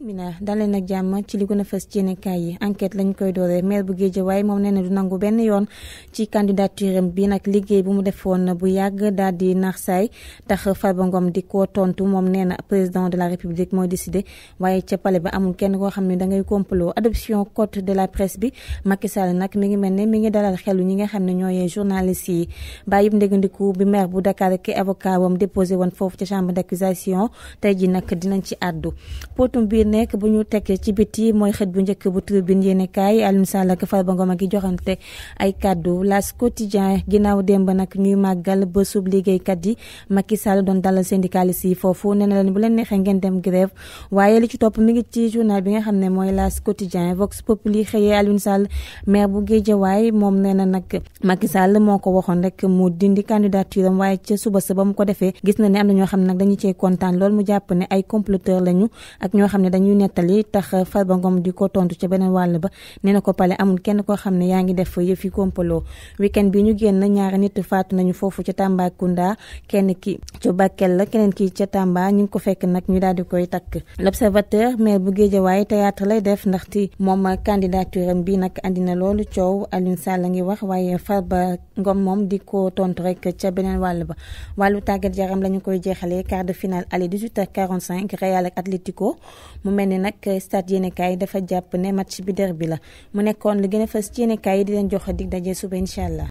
bisimilah daleen ak jàmm ci li gën a fës ci yéenekaay yi enquête lañ koy dooree maire bu Guédiawaye moom nee na du nangu benn yoon ci candidature am bi nag liggéey bu mu def defoon bu yàgg daal di nax saay tax Farba Ngom di ko tontu moom nee na président de la république mooy décidé waaye ca palais ba amul kenn koo xam ne dangay complot adoption code de la presse bi Macky Sall nag mi ngi mel ni mi ngi dalal xelu ñi nga xam ne ñooy journaliste yi bàyyi yëpp ndégandiku bi maire bu Dakar ak avocat wam déposé woon foofu ca chambre d'accusation tey ji nag dinañ ci àddu nekk bu ñu teg ci biti mooy xet bu njëkk bu tribune yéene kaay Alioune Sall ak Farba Ngom a ngi joxante ay kàddu las quotidien ginnaaw ba nag ñuy màggal ba sub liggéeykat yi Macky Sall doon dalal syndicaliste yi foofu nee na leen bu leen neexee ngeen dem grève waaye li ci topp mi ngi ci journal bi nga xam ne mooy las quotidien Vox Populi xëyee Alioune Sall maire bu Guédiawaye moom nee na nag Macky Sall moo ko waxoon rek mu dindi candidature waaye ca suba sa ba mu ko defee gis na ne am na ñoo xam ne nag dañu cee kontaan lool mu jàpp ne ay comploteur lañu ak ñu nettali tax Farba Ngom di ko tontu ca beneen wàll ba nee na ko pale amul kenn koo xam ne yaa ngi def yëfi kompaloo week-end bi ñu génn ñaari nit faatu nañu foofu ca Tambacounda kenn ki ca Bakel la keneen ki ca Tamba ñu ngi ko fekk nag ñu daal di koy takk l'observateur maire bu Guédiawaye théâtre lay def ndaxte moom candidature am bi nag andi na loolu coow Alioune Sall ngi wax waaye Farba Ngom moom di ko tontu rek ca beneen wàll ba wàllu tàggat yaram lañu koy jeexalee quart de finale aller 18h45 Real ak Atlético mu mel ni nag stade yi dafa jàpp ne match bi derby la mu nekkoon li gën a fës ci yéenekaay yi di leen jox dig daje suba incha allah.